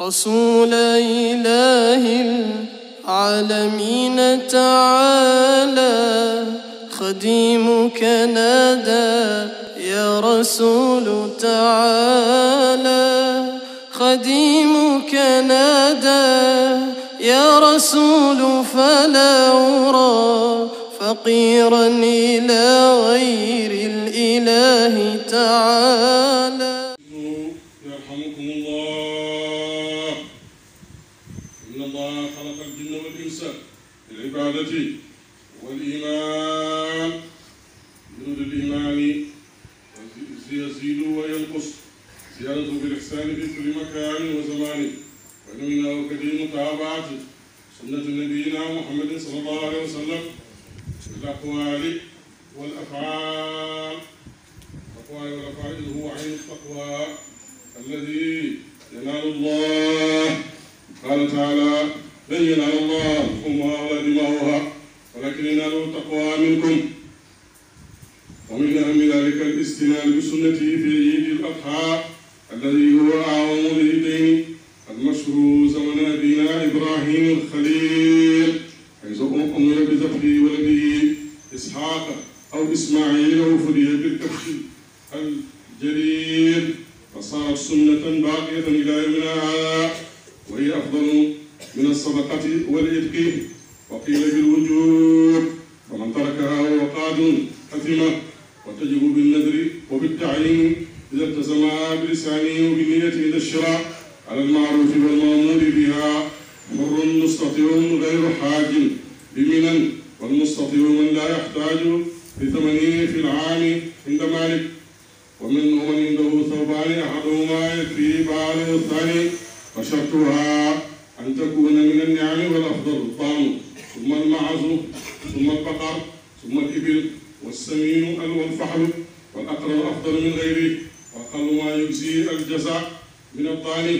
رسول إله العالمين تعالى خديمك نادى يا رسول تعالى خديمك نادى يا رسول فلا أرى فقيرا إلى غير الإله تعالى فإنه في سنة نبينا محمد صلى الله عليه وسلم في الأقوال والأفعال الأقوال والأفعال هو عين التقوى الذي ينال الله قال تعالى لن ينال الله لحومها ولا دماؤها ولكن يناله التقوى منكم ومن أهم ذلك الاستنان بسنته في عيد الأضحى الذي هو أعظم ذي واشكروا زمنا إبراهيم الخليل حيث أمر بذبح ولده إسحاق أو إسماعيل أو فري بالذبح الجليل فصارت سنة باقية إلى يومنا وهي أفضل من الصدقة والإتق وقيل بالوجوب فمن تركها وهو قاد حتمة وتجب بالنذر وبالتعليم إذا التزمها بلسانه وبالنية إلى الشراء على المعروف والمأمور بها مر مستطيع غير حاج بمنن والمستطيع من لا يحتاج لثمنه في العام عند مالك ومن هو عنده ثوبان احدهما يكفي بعض الثاني وشرطها ان تكون من النعم والافضل الطعم ثم المعز ثم البقر ثم الابل والسمين والفحل والاقرب افضل من غيره واقل ما يجزي الجزاء من الطعن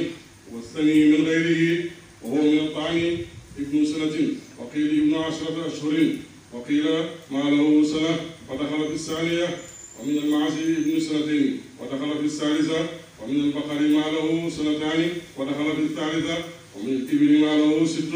والثاني من غيره وهو من الطعن ابن سنة وقيل ابن عشرة أشهر وقيل ما له سنة فدخل في الثانية ومن المعاصي ابن سنتين ودخل في الثالثة ومن البقر ما له سنتان ودخل في الثالثة ومن الكبر ما له ست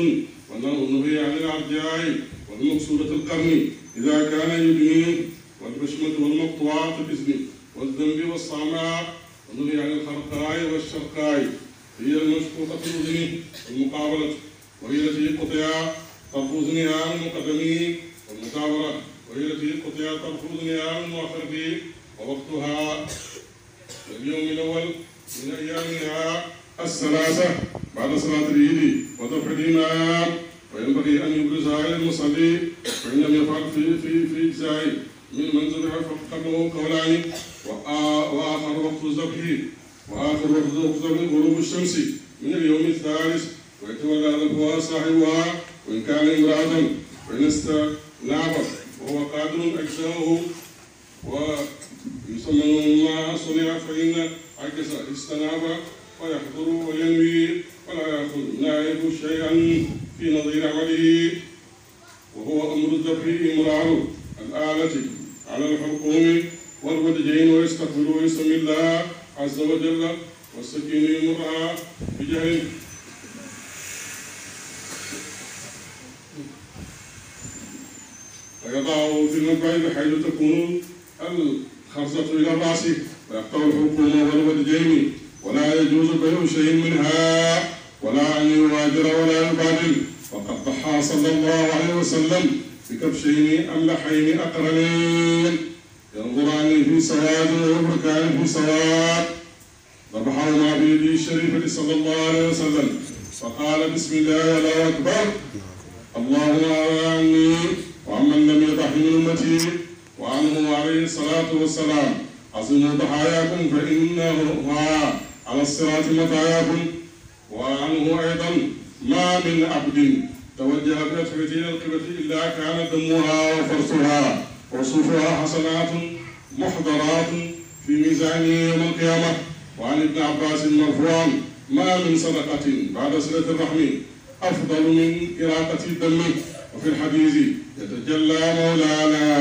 والنهي عن العرجاء والمقصودة القرن إذا كان يدمن والبشمة والمقطوعة في والذنب والصعماء وبني على يعني الخرقاء والشرقاء هي المشقوقة في الأذن والمقابلة وهي التي قطع طرف أذنها من مقدمه والمجاورة وهي التي قطع طرف أذنها من مؤخره ووقتها اليوم الأول من أيامها الثلاثة بعد صلاة العيد ودفع الإمام وينبغي أن يبرزها إلى المصلي فإن لم يفعل في في في إجزائه ممن منزل عرف قبله كولاني واخر وقت الذبح واخر وقت الذبح من غروب الشمس من اليوم الثالث ويتولى ذبحها صاحبها وان كان امراه فان استنابت وهو قادر اجزاؤه ويسمى الله صنع فان عكس استناب ويحضر وينوي ولا ياخذ لا شيئا في نظير عمله وهو امر الذبح امر الآلة على حكمه والمدجين ويستغفر ويسمي الله عز وجل والسكين يمرها بجهل ويضع في المنبع بحيث تكون الخرزة إلى الرأس ويقطع الحكومة والمدجين ولا يجوز بيع شيء منها ولا أن يواجر ولا يبادل وقد ضحى صلى الله عليه وسلم بكبشين أملحين أقرنين ينظران في سواد ويبركان في سواد ذبحهما بيده الشريف صلى الله عليه وسلم فقال بسم الله الله أكبر اللهم عني وعمن لم يضح من أمتي وعنه عليه الصلاة والسلام عظموا ضحاياكم فإنه على الصراط مطاياكم وعنه أيضا ما من عبد توجه ابنة فتيل القبة إلا كان دمها وفرسها وصوفها حسنات محضرات في ميزان يوم القيامة وعن ابن عباس مرفوعا ما من صدقة بعد صلة الرحم أفضل من إراقة الدم وفي الحديث يتجلى مولانا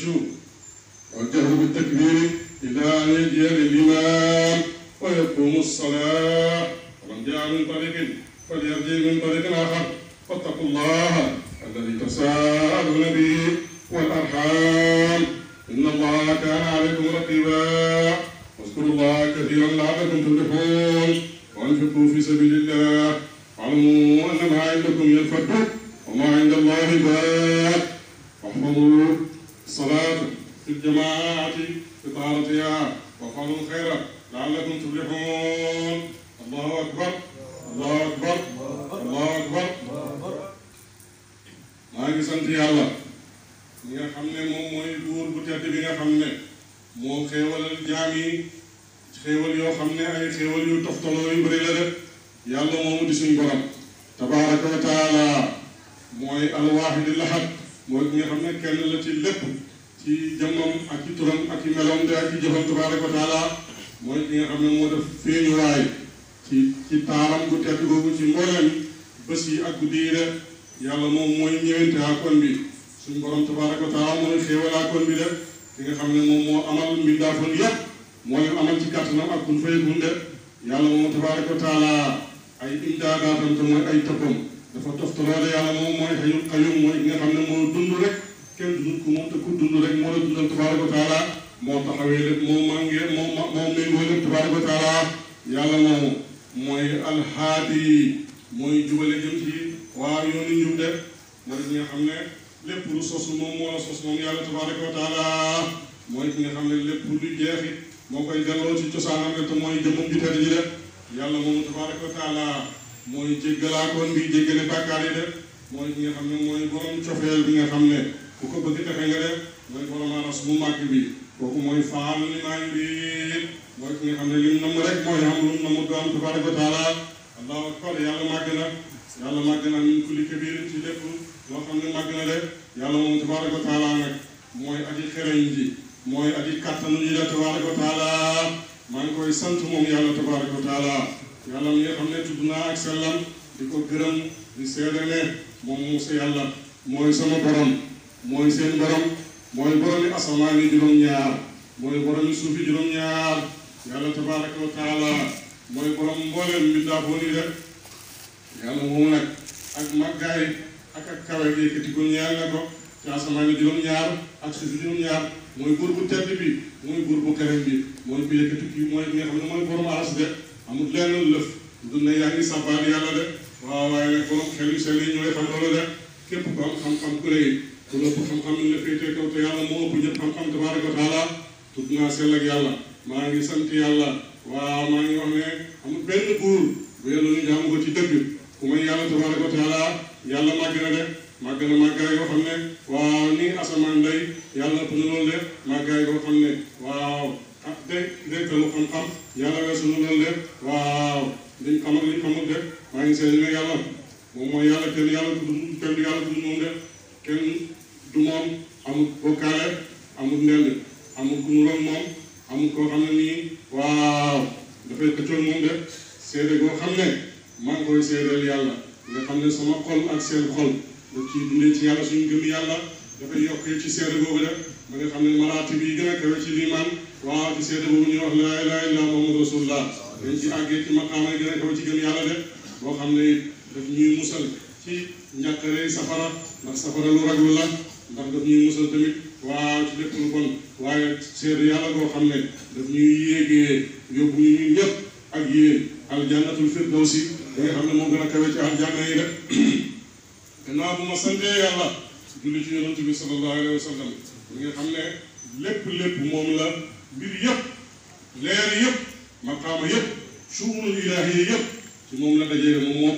المشهور وجهه بالتكبير إلى أن يجي للإمام ويقوم الصلاة ومن جاء من طريق فليأتي من طريق آخر واتقوا الله الذي تساءلون به والأرحام إن الله كان عليكم رقيبا واذكروا الله كثيرا لعلكم تفلحون وأنفقوا في سبيل الله واعلموا أن ما عندكم ينفد وما عند الله باق واحفظوا الصلاة في الجماعات بطهارتها وافعلوا الخير لعلكم تفلحون الله أكبر الله أكبر الله أكبر maa ngi sant yàlla mi nga xam ne moom mooy buur bu tedd bi nga xam ne moo xéewalal jaam yi xéewal yoo xam ne ay xéewal yu toftaloo yu bëri la def yàlla moomu di suñ borom tabaraka wa taala mooy alwaahidul ahad mooy ki nga xam ne kenn la ci lépp ci jëmmam ak ci turam ak ci meloom de ak ci jëfam tabaaraka wa ci ci taaram bu ci mbooleem bés ak guddi yi de yàlla moom mooy ñëwante kon bi suñ borom tabaaraka wa taala mooy xéewalaa kon bi de ki ci kàttanam de yàlla moom mooy ay xayul mooy ki xam ne moo dund rek kenn du ko mo moom te ku dund rek mo la dundal tabaaraka wa taala mo taxawé rek mo mangé mo mo moo mo rek tabaaraka wa taala mo moy al hadi moy jubale jëm ci waaw yoonu njub def mo ki nga xamné lepp lu sos mo mo la sos mo yalla tabaaraka wa taala mooy ki nga xamné lepp lu jeexi mo koy dalo ci cosaanam rek te mooy jëmmam ju tedd ji def yalla mo tabaaraka wa taala moy jéggalaakoon bi jéggale bàkkaar yi de mooy ki nga xamné moy borom ciofel bi nga xamné ku ko bëgg taxe nga def mooy borom aras bu màgg bi kooku mooy faal li maa ngi bi mooy ki nga xam ne lim namm rek mooy am lu namm doon tabaraka wa taala allahu akbar yàlla màgg na yàlla màgg na min kulli kabir ci lépp loo xam ne màgg na rek yàlla moom tabaraka wa taala nag mooy aji xereñ ji mooy aji kàttanu ji la tabaraka wa taala maa ngi koy sant moom yàlla tabaraka wa taala yàlla mi nga xam ne tudd naa ak sellam di ko gërëm di seedane moom Muusa yàlla mooy sama borom moy seen borom moy borom asamaan yi juróom-ñaar mooy boromi suuf yi juróom-ñaar yàlla tabaraka wa taala moy borom mi mbindaafoon yi rek yalla mo nak ak magay ak ak kawe yëkkati ko ñaar na ko ci asamaan yi ñaar ak suuf yi juróom-ñaar bur bu tedd bi moy bur bu kerem bi moy bi yëkkati ki moy nga xam moy borom aras de amul lenn leuf du na ya ngi sabbaal yàlla de waaw waaye nak borom xel yu sell yi ñooy fa loolu de képp ko xam-xam ku rëy ತುಮಪ್ಪು ಕಂಕಂಬಿಲ್ಲ ಪೇಟೆ ಕಂತ ಯಾಲ ಮೋ ಪುಜ ಕಂಕಂತ ಬಾರಕ ಬಾಲ ತುತ್ನಾ ಸೆಲ್ಲಗ ಯಾಲ ಮಾಂಗಿ ಸಂತಿ ಯಾಲ ವಾ ಮಾಂಗಿ ಒಮ್ಮೆ ಅಮ್ಮ ಬೆನ್ನು ಪೂರ್ ಬೇಲು ಜಾಮ ಗೊತ್ತಿ ತಪ್ಪಿ ಕುಮೈ ಯಾಲ ತಬಾರಕ ತಾಲ ಯಾಲ ಮಾಗಿನಡೆ ಮಾಗನ ಮಾಗಾಯ ಒಮ್ಮೆ ವಾ ನೀ ಅಸಮಾಂಡೈ ಯಾಲ ಪುನಲೋಲೆ ಮಾಗಾಯ ಒಮ್ಮೆ ವಾ ಅತ್ತೆ ಇದೆ ತಲು ಕಂಕಂ yéegee yóbbu ñu ñun ñëpp ak yéen aljannatul firdawsi da xam ne moo gën a kawe ci aljanna yi rek gannaaw bu ma santee yàlla julli ci yonent bi sallallahu alayhi wa sallam li moom la mbir yëpp leer yëpp maqaama yëpp dajee moom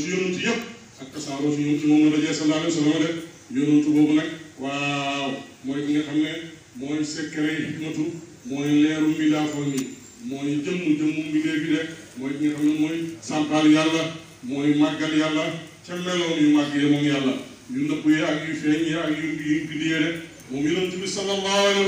ci yonent yëpp ak tasaaroo ci ci moom la dajee sallallahu alayhi wa sallam rek yonent boobu nag waaw mooy nga xam ne mooy secret yi mooy leeru mbindaafoon yi mooy jëmm jëmmu mbindee bi de mooy ki mooy sampal yàlla mooy màggal yàlla ca meloon yu màgg yi moom yàlla yu nëpp yi ak yu feeñ yi ak yu yu yi de moom yonent bi sallallahu alayhi wa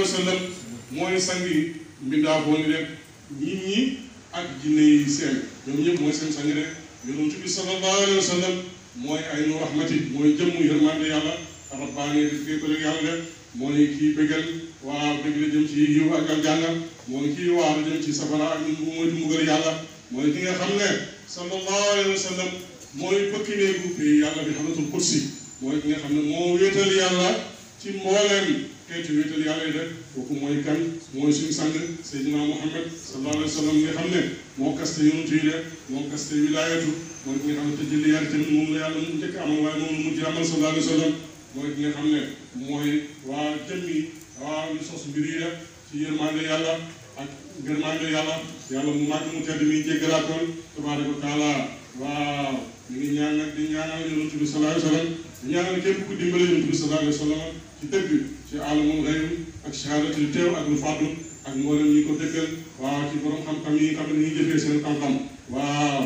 mooy ay nu rahmati mooy jëmm yërmande yàlla rabbaani yi yàlla mooy kii bëggal waaw dëgg la jëm ci yiw ak ak jàngal moo ngi ciy waaw jëm ci safara ak mu moytu yàlla mooy ki nga xam ne sallallahu alayhi wa sallam mooy bëkk bi yàlla bi xamatul ki nga xam ne moo wéetal yàlla ci mbooleem xeetu wéetal yàlla yi rek kooku mooy kan mooy suñu sang Seydina Muhammad sallallahu alayhi wa sallam nga xam ne moo kaste yonent wilaayatu mooy ki nga xam te jëli yar tamit moom la yàlla mu njëkk amal waaye moom la mujj amal sallallahu alayhi wa sallam mooy ki nga xam ne mooy waa jëmmi waaw ñu sos mbir yi rek ci yërmande yàlla ak gërmande yàlla yàlla mu màgg mu tedd mi jéggalaatoon tabaaraka taala waaw ñu ngi ñaan nag di ñaanal yonent bi sallallahu alayhi wa sallam di ñaanal képp ku dimbale yonent bi sallallahu wa sallam ci dëgg ci alamul xayb ak shahadati lu teew ak lu fàddu ak mboolem ñi ko dëggal waaw ci borom xam-xam yi nga xam ne ñuy jëfee seen xam-xam waaw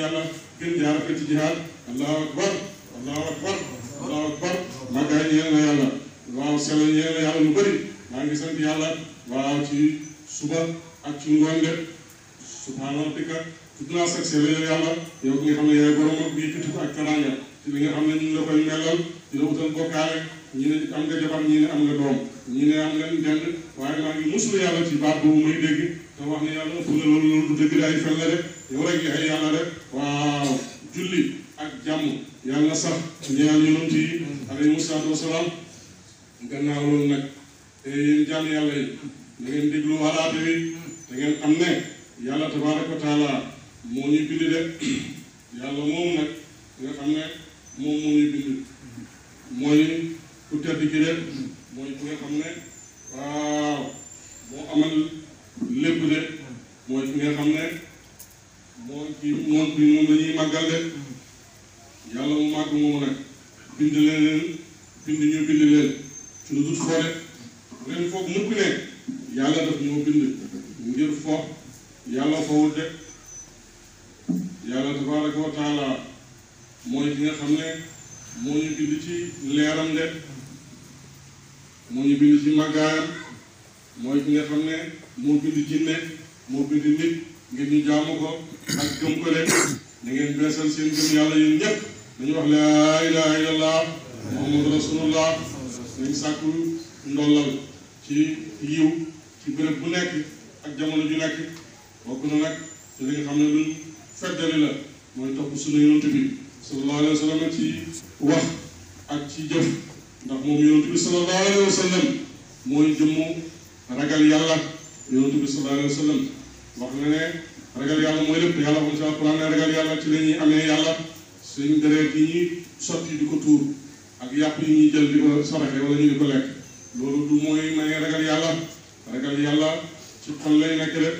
yàlla gën jaar ci jihaad allahu akbar allahu akbar allahu akbar màggaay ñeel na yàlla waaw sell ñeel na yàlla lu bëri maa ngi sant yàlla waaw ci suba ak ci ngoon de subhaana rabbika tudd naa nga xam ak ci li nga xam ne ñu ngi la koy melal utal bokkaale ñi ne am nga jabar ñi ne am nga doom ñi ne am nga njënd waaye maa ngi muslu yàlla ci baat boobu may dégg te wax ne yàlla ëpp na loolu loolu du dëgg daay fen la de yow rek yaay yàlla rek waaw julli ak jàmm yàlla na sax ñaan yonent yi alayhi salaatu wasalaam gannaaw loolu nag te yéen jàmm yàlla yi da déglu walaate bi da ngeen am ne yàlla tabaaraka wa taala moo ñu bind de yàlla moom nag nga xam ne moom moo ñu bind mooy ku tedd ki de mooy ku nga xam ne waaw moo amal lépp de mooy ki nga xam ne mooy ki moom bi moom de yalla mu màgg moomu nag bind leen bind ñu bind leen ci lu dul foore bu fokk mu ko nek yalla daf ñoo bind ngir fokk yalla fawul de yalla tabaraka wa taala moy ki nga xamne moy ñu bind ci leeram de moy ñu bind ci magaan moy ki nga xamne mo bind ci jinne mo bind nit ngeen ñu jaamu ko ak gëm ko rek da ngeen bëssal seen gëm yalla yéen ñëpp dañu wax laa ilaha illallah muhammadu rasulullah dañ sàkku ndollal ci yiw ci bërëb bu nekk ak jamono ju nekk bokk na nag ci li nga xam ne luñ feddali la mooy topp ci wax ak ci jëf ndax moom yonent bi sallallahu ragal yàlla yonent bi sallallahu alayhi wa na ne ragal yàlla mooy lépp yàlla xam ci alquran ragal yàlla ci la amee yàlla suñu deret yi ñuy sotti di ko tuur ak yàpp yi ñuy jël di ko saraxe wala ñu di ko lekk loolu du mooy may ragal yàlla ragal yàlla ci xol lay nekk rek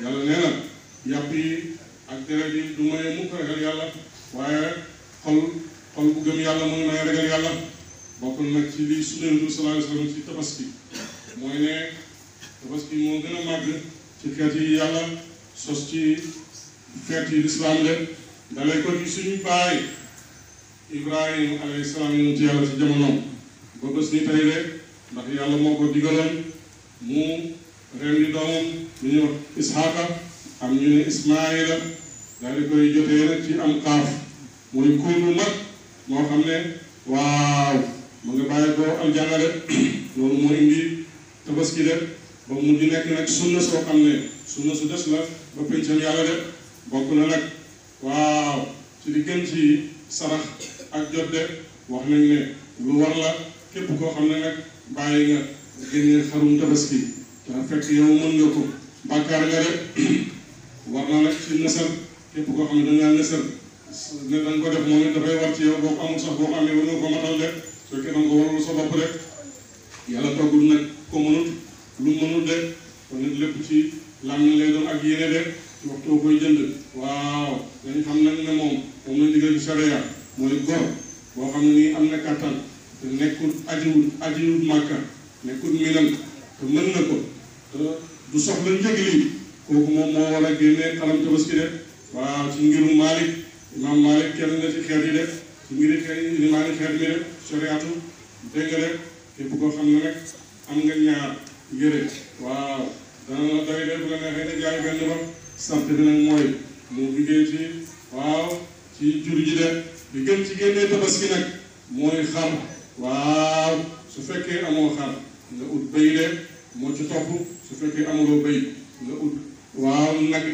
yàlla nee na yàpp yi ak deret yi du may mukk ragal yàlla waaye xol xol bu gëm yàlla mooy may ragal yàlla bokk nag ci li sunna bi sallallahu alayhi wasallam ci tabaski mooy ne tabaski moo gën a màgg ci xeet yi sos ci xeet yi lislaam dale ko ci suñu baay Ibrahima alayhi salaam yonent yàlla ci jamonoom ba bés ni tey de ndax yàlla moo ko digaloon mu rendi doomam ñu ñuy wax am ñu ne Ismaayila daal di koy jotee nag ci am xaaf muy kuur bu mag moo xam ne waaw mu nga bàyyi ko aljanna de loolu moo indi tabaski de ba mujj nekk nag sunna soo xam ne sunna su des la ba pencam yàlla de bokk na nag. waaw ci li gën ci sarax ak jot de wax nañ ne lu war la képp koo xam ne nag bàyyi nga génnee xarum tabaski te fekk yow mën nga ko bàkkaar nga rek war naa nag ci nësal képp koo xam ne dañ laa nësal ne dañ ko def moom it dafay war ci yow boo amul sax boo amee wala ko matal de su fekkee danga ko warul sa bopp rek yàlla toggul nag ko mënut lu mënut de kon nag lépp ci làmmiñ lay doon ak yéene de waxtoo koy jënd waaw dañu xam nag ne moom moom la ndigal sharia mooy góor boo xam ne nii am na kattan te nekkul ajiwul ajiwul màkka nekkul minan te ko te du soxla njëg lii kooku moom moo war a génne xalam tabaski de waaw ci ngiru imam Malik kenn na ci xeet yi de ci ngiri xeet Malik xeet mi de shariatu dégg nga de képp koo xam ne nag am nga ñaar yëre waaw dana la doy de bu la neexee ne jaay benn ba sant bi nag mooy moo jugee ci waaw ci jur ji de bi ci génnee tabaski nag mooy xar waaw su fekkee amoo xar nga ut béy de moo ci topp su fekkee amuloo béy nag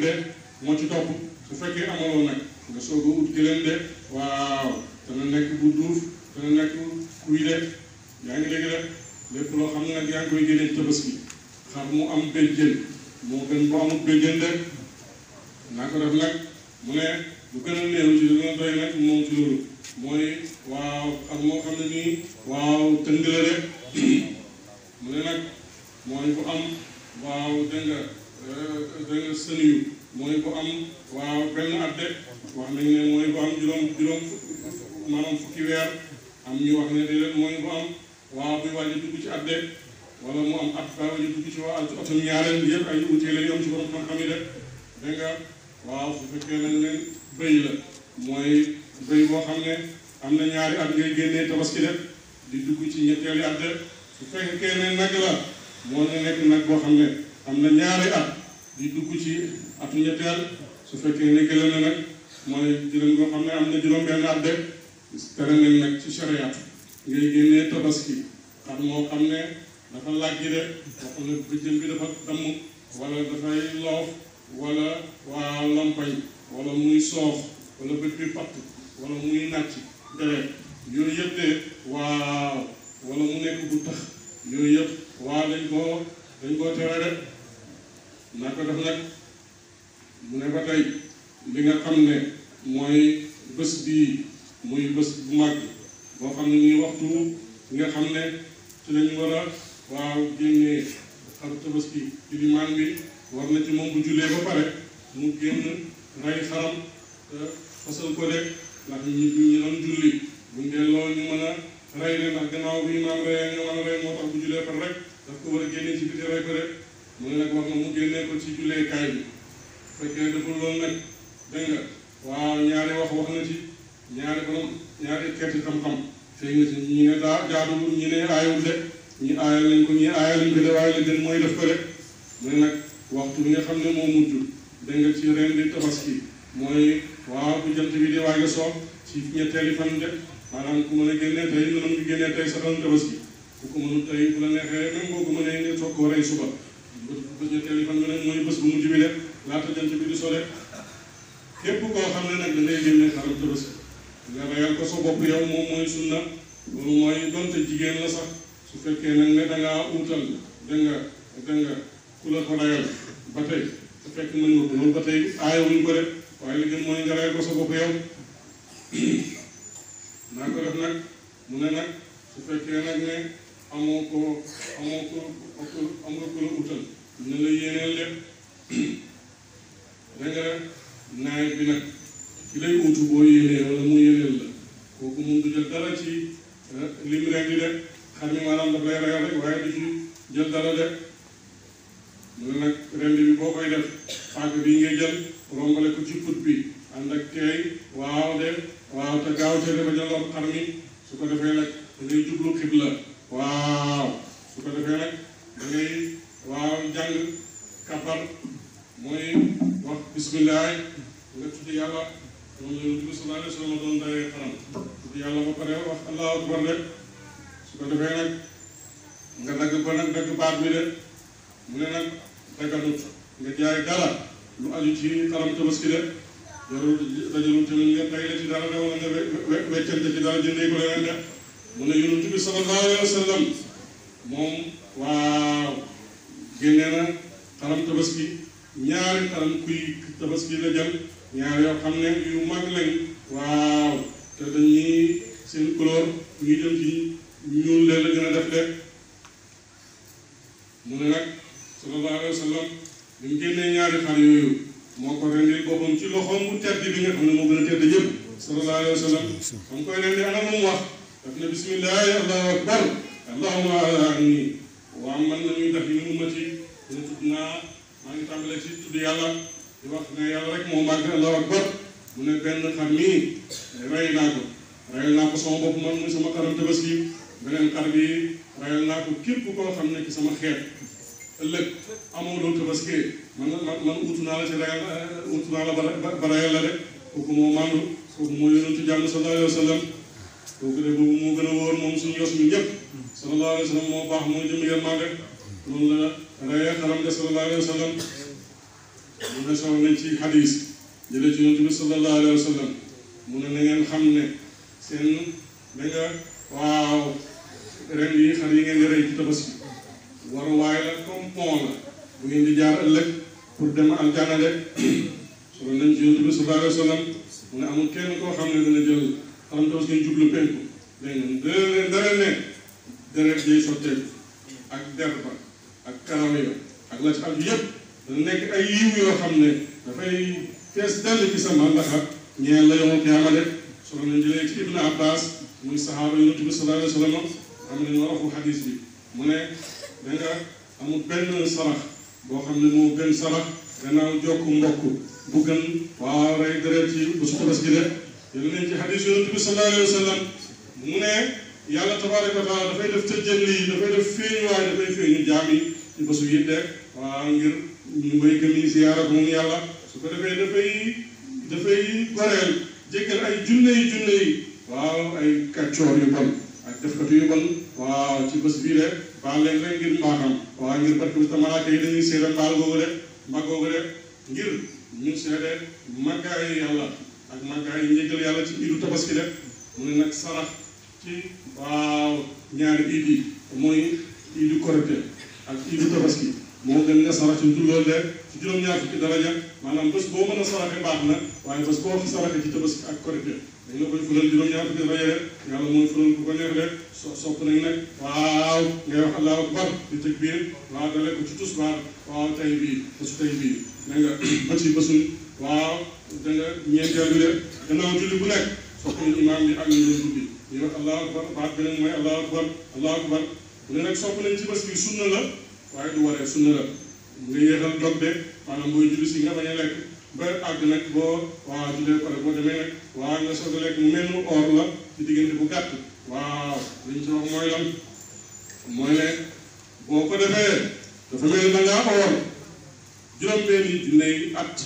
moo ci topp su fekkee amuloo nag nga soog a ut gëlëm de waaw dana nekk bu duuf dana nekk kuy de yaa ngi dégg de lépp loo xam nag yaa ngi koy génnee tabaski xar mu am béjjén moo gën bu amut béjjén de naa ko def nag mu ne lu gën a néew ci lu nag moom ci loolu mooy waaw ak moo xam ne nii waaw tëng rek mu ne nag mooy bu am waaw dégg nga euh, dégg nga sën am waaw benn at de wax nañ ne mooy bu am juróom juróom maanaam fukki weer am ñu wax ne déedéet mooy bu am waaw buy waaj a dugg ci at de wala mu am at ba waaj a dugg ci waa atum ñaareel yëpp ay uti la ñu am ci borom xam-xam yi de waaw su fekkee nañ ne bëy la mooy bëy boo xam ne am na ñaari at ngay génnee tabaski def di dugg ci ñetteelu at def su fekkee ne nag la moo ne nekk nag boo xam ne am na ñaari at di dugg ci atu ñetteel su fekkee ne gëlëm na nag mooy juróom boo xam ne am na juróom-benn at def tere nañ nag ci chariat ngay génnee tabaski xar moo xam ne dafa laaj de boo xam bëjjën bi dafa damm wala dafay loof wala waa lompañ wala muy soof wala bët bi patt wala muy nàcc deret yooyu yëpp waaw wala mu nekk bu tax yooyu yëpp waaw dañ koo dañ koo tere rek naa ko def nag mu ne ba tey li nga xam ne mooy bës bi muy bës bu màgg boo xam ne muy waxtu nga xam ne ci lañu war a waaw génnee xam tabaski ci limaan bi war na ci moom bu jullee ba pare mu génn rey xaram te ko rek ndax ñu a ne ndax gannaaw bi imaam reyee nga mën a rey moo tax bu jullee pare rek daf ko war a génne ci biti rey ko rek mu ne nag war na mu génnee ko ci julleekaay bi fekkee deful loolu nag dégg waaw ñaari wax wax na ci ñaari borom ñaari xeeti xam-xam fekk na ci ñi ne daa jaadul ñi ne aayal lañ ko ñi aayal lañ de def ko rek mu ne nag waxtu nga xam ne moo mujj dégg nga ci ren di tabaski mooy waaw bu jant bi di waaj a soog ci ñetteeli fan de maanaam ku mën a génnee tey noonu bi génnee tey sa doon tabaski ku ko mënul tey bu la neexee même boo ko rey suba bu mujj bi laata jant bi di sore képp koo xam ne nag da ngay génne tabaski nga reyal ko sa bopp yow moom mooy sunna loolu mooy donte jigéen la sax su fekkee nag ne da uutal dégg nga ku la ko rayal ba tey su fekk mën nga ko ba tey aaya wuñ ko rek waaye li gën mooy nga rayal ko sa naa ko def nag mu ne nag su fekkee nag ne amoo ko amoo la utal ne la yéeneen lépp da nga bi nag ki lay utu boo yéenee wala mu yéeneel la kooku mun du jël dara ci eh, lim rek di def xam ne maanaam daf lay ragal rek waaye du ci jël dara loolu nag rendi bi boo koy def pàcc bii jël rombale ko ci put bi ànd ak teey waaw de waaw te gaaw te dafa jëloon xar mi su ko defee nag da jublu xibla waaw su ko defee nag da waaw jàng kabar mooy wax bismillaah nga tudd yàlla moom la Yonent bi sallallaahu alayhi wa sallam doon dayee xaram tudd yàlla su ko defee nag nga baat bi de mu ne nag daganut nga jaay dara lu aju ci xaram tabaski de jarul dajalul ci luñ leen dagale ci dara de wala nga weccante ci dara jëndee ko leneen de mu ne yonent bi sallallahu alayhi wa sallam moom waaw génne na xaram tabaski ñaari xaram kuy tabaski la jël ñaar yoo xam ne yu mag lañ waaw te dañuy seen couleur ñuy dem ci ñuul leen gën a def de mu ne nag sallallahu alayhi wa sallam bi mu génnee ñaari xar ko a tedd wa sallam xam koy rendi ana lu mu wax daf ne bismillahi allahu akbar allahuma ala na ñuy def yi mu ummati dina tudd yàlla rek moo màgg allahu mu ne benn xar mii rey naa ko reyal naa ko sama bopp man muy sama xaram tabaski beneen xar bi reyal naa ko képp koo xam ne ci sama xeet ëllëg amoo doon tabaski man man naa la ci ragal euh, ut naa la ba ba ragal la rek moo màndu kooku moo yonentu a wóor moom suñu yos noonu la rayee xaram de sallallahu alayhi ne ci xadis jëlee ci yonentu bi sallallahu alayhi wa sallam mu ne ngeen xam ne seen da waaw ren yi xar ngeen rey ci tabaski waruwaay la comme pont la bu ngeen di jaar ëllëg pour dem aljana de solo nañ ci yonent bi sallallahu alayhi wa kenn koo xam ne dana jël xalamtoos ne deret day sotteeku ak der ba ak karaw ya ak la ci am yëpp dana nekk ay yiw yoo xam ne dafay fees dell ci sama ndax ñeel la yomal qiyaama de solo jëlee ci Ibn Abbas muy saxaaba yonent bi sallallahu alayhi wa sallam am nañu waxu mu ne da nga amul benn sarax boo xam ne moo gën sarax gannaaw jokk mbokk bu gën rey deret yi bu suxu gi de yéen nañ ci xadis yonent bi sallallahu alayhi mu ne yàlla tabaraka wa taala dafay yi ci bésu yi ay junne yi junne ay kàccoor yu bon ak defkatu waaw ci bés bii de baal leen rek ngir mbaaxam waaw ngir bët bu malaaka yi dañuy seede mbaal googu de mbag googu ngir ñu seede màggaayu yàlla ak màggaayu njëgal yàlla ci iidu tabaski de mu ne nag sarax ci waaw ñaari iid yi mooy iidu korite ak iidu tabaski moo gën nga ci loolu de ci juróom-ñaar fukki daraja maanaam bés boo mën a saraxe baax na waaye bés boo saraxe ci tabaski ak korite dañ la koy fulal juróom-ñaar fukki rek yàlla mooy fulal ku ko neex de so sopp nañ nag waaw ngay wax allahu akbar di tëj biir waaw dale ko ci tusbaar waaw tay bii bésu tay bii da nga ba ci bésuñ waaw da nga ñeenteel bi de gannaaw julli bu nekk sopp nañ imaam bi ak ñu doon bi ñuy wax allahu akbar baat beneen mooy allahu akbar allahu akbar bu ne nag sopp nañ ci bés bi sunna la waaye du waree sunna la nga yéexal dog de maanaam booy julli si nga bañ a lekk ba àgg nag boo waaw tuddee ko boo demee waaw nga soog a mu mel nu or la ci diggante bu gàtt waaw liñ ci wax mooy lan mooy ne boo ko defee dafa mel ni da ngaa or juróom-benni dinañ at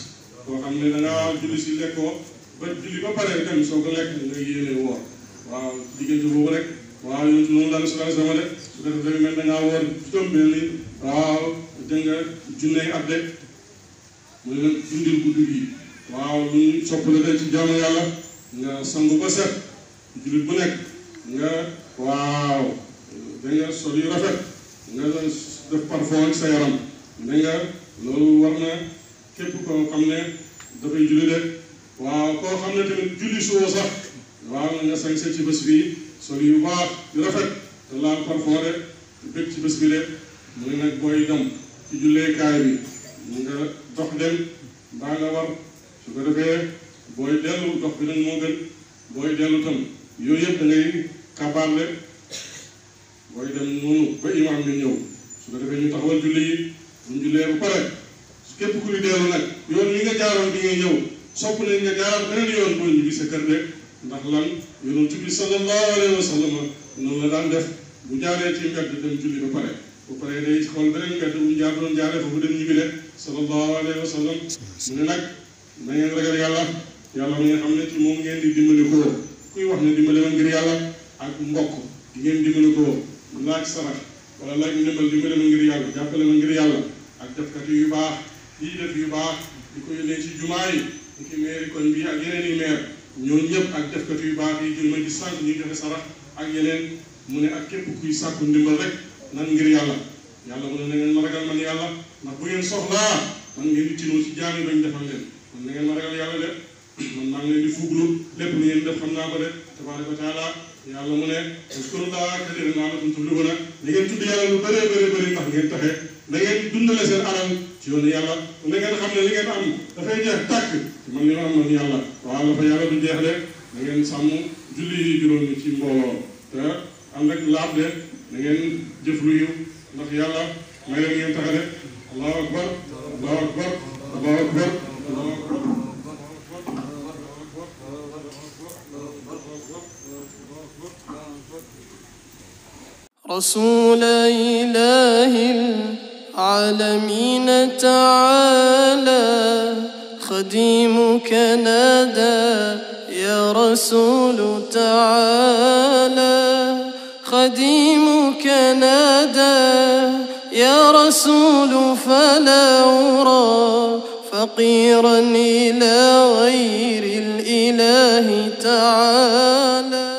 boo xam ne da ngaa julli si lekkoo ba julli ba pare dem soog a lekk nga yéene woor waaw diggante boobu rek waaw yow noonu la su dara sama de su ko defee mel da ngaa woor juróom-benni waaw dégg nga junne at de. mu ne nag dundin guddi gi waaw ñu sopp la de ci jaamu yàlla nga sangu ba set jullit bu nekk nga waaw da nga sol yu rafet nga def parfum sa yaram da loolu war na képp koo xam ne dafay julli de waaw koo xam ne tamit julli suba sax waaw nga sañ ci bés bi sol yu baax yu rafet te laal parfum de bëgg ci bés bi de mu ne booy dem ci julleekaay bi nga dox dem mbaa nga war su ko defee booy dellu dox bi nag moo gën booy dellu tam yooyu yëpp da ngay kabaarle booy dem noonu ba imaam bi ñëw su ko defee ñu taxawal julli yi buñ jullee bu pare képp kuy dellu nag yoon li nga jaaroon di ngay ñëw sopp nañ nga jaaroon beneen yoon boo ñibbi sa kër de ndax lan yonent bi sallallahu alayhi wa sallam noonu daan def bu jaaree ci mbedd dem julli ba pare bu paree day xool beneen mbedd bu mu jaar doon jaaree de sallallahu alayhi wa sallam mu ne nag na ngeen ragal yàlla yàlla mi nga xam dimbali koo kuy wax ne dimbali ma yàlla ak mbokk di ngeen dimbali koo laaj sarax wala laaj ndimbal dimbali ma ngir yàlla jàppale ma ngir yàlla yu baax yi yu baax di ko bi ak yeneen yi meer ñooñu ñëpp yu baax yi jël ma di sànq ak yeneen mu ne ak képp kuy sàkku ndimbal rek nan ngir yàlla yàlla mu ne na ragal man yàlla ndax bu ngeen soxlaa man ngeen di tinoo ci jaam yi bañ defal leen man na ngeen ma ragal yàlla de man maa ngi leen di fuglu lépp lu ngeen def xam naa ko de tabaaraka wa taala yàlla mu ne uskurullaaha kasiiran la'allakum tuflihuun na ngeen tudd yàlla lu bëree bëri bëri ndax ngeen taxe na ngeen dundale seen alal ci yoonu yàlla na ngeen xam ne li ngeen am dafay jeex tàkk ci man li ma am man yàlla waaw la fa yàlla du jeex de na ngeen sàmm julli yi juróomi ci mbooloo te am rek laab de na ngeen jëf lu yiw ndax yàlla may leen ngeen taxe de رسول إله العالمين تعالى خديمك نادى يا رسول تعالى خديمك نادى يا رسول فلا أرى فقيرا إلى غير الإله تعالى